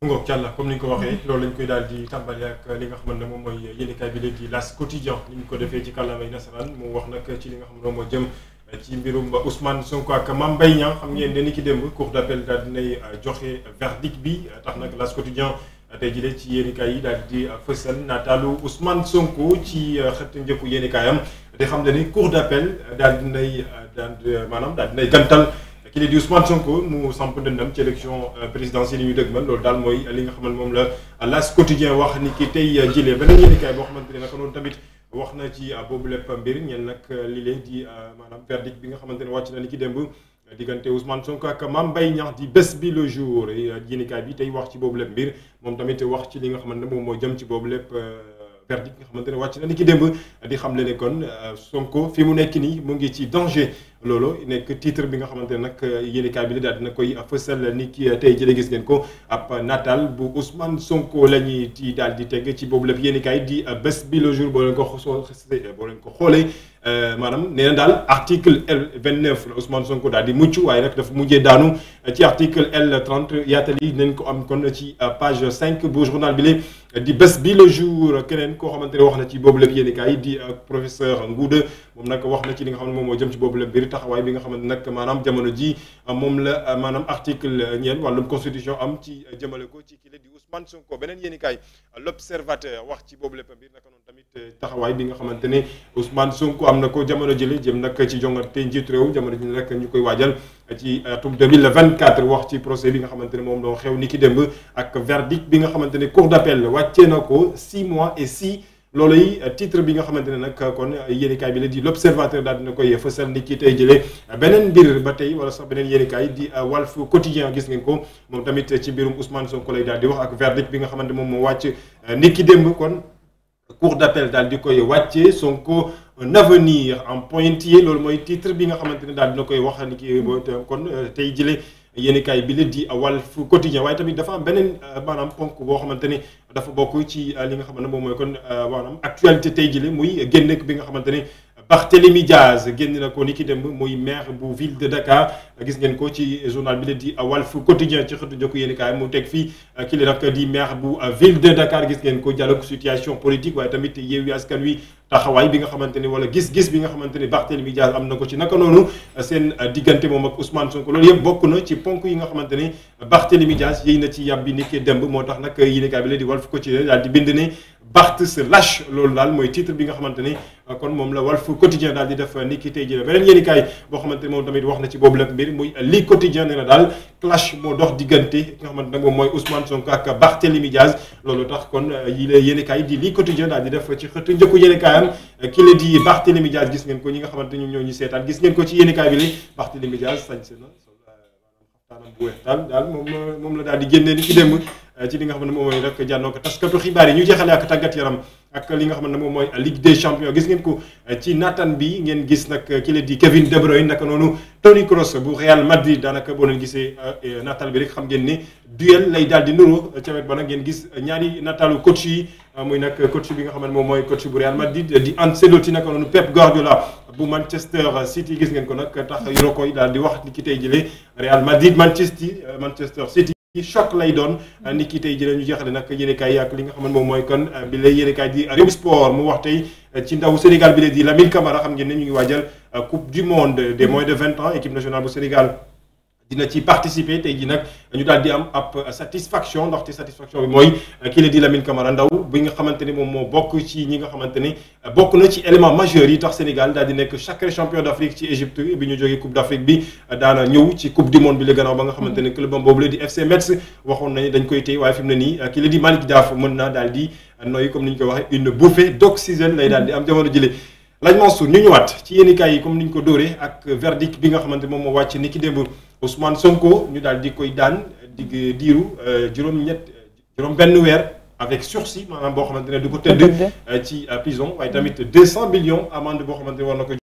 Ngok la comme ni nga ko waxee loolu lañ koy daal di tàmbali ak li nga xamante ne mooy yéenekaay bi léegi L'As Quotidien ni ñu ko defee ci kàllaamay nasaraan mu wax nag ci li nga xam ne moo jëm ci mbirum Ousmane Sonko ak Mame Mbaye Niang xam ngeen ne ni ki démb cour d'appel daal dinay joxe verdict bi tax nag L'As Quotidien tey jii ci yéenekaay yi daal di fësal nataalu Ousmane Sonko ci xët njëkku yéenekaayam di xam ne ni cour d'appel daal dinay daal maanaam daal dinay gantal. kii di Ousmane Sonko mu samp dëndam ci élection euh, présidentielle yi ñu dëgmal loolu daal mooy li nga xamante moom la L'As Quotidien wax ni ki tey jëlee beneen yéenekaay boo xamante ne naka noonu tamit wax na ci euh, boobu lépp mbir ñeen nag euh, li leen di maanaam verdict bi nga xamante ne wàcc na ni ki démb diggante Ousmane Sonko ak Mame Mbaye Niang di bés bi le jour yéenekaay bi tey wax ci boobu lépp mbir moom tamit wax ci li nga xamante moom moo jëm ci boobu perdu nga xamante ne wàcc na ni ki démb di xam le ne kon euh, Sonko fi mu nekk nii mu ngi ci danger loolu nekk titre bi nga xamante ne nag euh, yéenekaay bi la daal dina koy fësal ni ki euh, tey jële gis ngeen ko ab bu Ousmane la ñuy ci daal di teg ci boobu lépp yéenekaay di bés bi le jour boo leen ko boo leen ko xoolee maanaam nee na daal article L 29 la Ousmane Sonko daal di mucc waaye nag dafa mujjee daanu ci article L 30 yaatal yi nañ ko am kon ci page 5 bu journal bi la. di bés bi le jour keneen koo xamante ne wax na ci boobu lépp yéenekaay yi di euh, professeur Ngouda moom nag wax na ci li nga xam moom moo jëm ci boobu lépp biir taxawaay bi nga xamante nag maanaam jamono ji euh, moom la euh, maanaam article ñeen wàllum constitution am ci jëmale ko ci kile la di Ousmane Sonko beneen yéenekaay l'observateur wax ci boobu lépp biir naka noon tamit taxawaay bi nga xamante ne Ousmane Sonko am na ko jamono jële jëm nag ci jongante njiitu réew jamono ji rek ñu koy waajal ci atum 2024 wax ci procès bi nga xamante ne moom loo xew ni ki démb ak verdict bi nga xamante ne cour d'appel wàccee na ko 6 mois et 6 looluy titre bi nga xamante ne nag kon yéenikaay bi ne di l'observateur daal dina koy fësal ni ki tey jëlee beneen mbir ba tey wala sax beneen yéenikaay di Walf Quotidien gis ngeen ko moom tamit ci mbirum Ousmane Sonko lay daal di wax ak verdict bi nga xamante moom moo wàcc ni ki démb kon cour d'appel daal di koy wàccee Sonko un avenir en pointillé loolu mooy titre bi nga xamante ne daal dina koy wax ni ki euh, kon euh, tey jile yéeni kaay bi la di Walf Quotidien waaye tamit dafa am beneen euh, maanaam ponk boo xamante ne dafa bokk ci li nga xamante ne moom mooy kon maanaam actualité tey jile muy génn bi nga xamante ne Barthélémy Diaz génn na ko ni ki démb muy maire bu ville de Dakar gis ngeen ko ci sonal bi la di Walf Quotidien ci xëtu jokku yéen kaay mu teg fii ki la nag di maire bu ville de Dakar gis ngeen ko ko situation politique waaye tamit Yewwi Askan Wi taxawaay bi nga xamante ni wala gis-gis bi nga xamante ni Barthélémy Diaz am na ko ci naka noonu seen diggante moom ak Ousmane Sonko loolu yëpp bokk na ci ponk yi nga xamante ni Barthélémy Diaz yéy na ci yàbbi ni ki démb moo tax nag yéen kaay bi la di Walf Quotidien daal di bind ne Barth se lâche loolu daal mooy titre bi nga xamante ni euh, kon moom la Walf Quotidien daal di def euh, ni ki beneen yéen i kaay boo xamante ni moom tamit wax na ci boobu lépp mbir muy lii Quotidien nee na daal clash moo moom mooy Ousmane Sonko ak Barthélémy Diaz loolu tax kon euh, yi la yéen i kaay di lii Quotidien daal di def ci xëtu njëkku yéen i kaayam ki la di Barthélémy Diaz gis ngeen ko ñi nga xamante ni ñoo ñu seetaan gis ngeen ko ci yéen i kaay bi li Barthélémy Diaz sañ na taanam daal moom la daal di génnee ni ki démb eh, ci li nga xam moom mooy rek jànnoo ko taskatu xibaar yi ñu jeexale ak tàggat yaram ak li nga xam moom mooy Ligue des champions gis ngeen ko eh, ci naatan bi ngeen gis nag eh, ki De Bruyne naka noonu Toni Kroos bu Real Madrid bi rek xam ngeen ne lay daal wet ba nag ngeen gis ñaari nataalu coach yi muy nag coach bi nga xam ne moom mooy coach bu Real Madrid di Ancelotti naka noonu Pep Guardiola bu Manchester City gis ngeen ko nag tax yoroo koy daal di wax ni ki tey jëlee Real Madrid Manchester Manchester City. choc lay doon ni ki tey jëlee ñu jeexale nag yéenekaay yàq li nga xam ne moom mooy kon bi lay yéenekaay di Réew Sport mu wax tey ci ndaw Sénégal bi lay di Lamine Camara xam ngeen ne ñu ngi waajal coupe du monde des moins de vingt ans équipe nationale bu Sénégal. dina ci participer tey ji nag ñu daal di am ab satisfaction ndaxte satisfaction bi mooy kii la di Lamine Camara Ndaw bi nga xamante ni moom moo bokk ci ñi nga xamante ni bokk na ci élément majeur yi tax Sénégal daal nekk sacré champion d'Afrique ci Égypte bi ñu jógee Coupe d'Afrique bi daana ñëw ci Coupe du monde bi la gannaaw ba nga xamante ni club boobu la di FC Metz waxoon nañu dañ koy téye waaye fi mu nii kii la di Daaf mën naa daal di nooyu comme am jamono jëlee laaj Mansour ñu ñëwaat ci yéenekaay yi comme ni ñu nga xamante moom moo wàcc ni ki démb Ousmane Sonko ñu daal di koy daan di diiru euh, juróom-ñett juróom-benn weer avec sursis maanaam boo xamante ne du ko tëdd. Euh, ci euh, prison waaye tamit 200 millions amende boo xamante ne war na ko.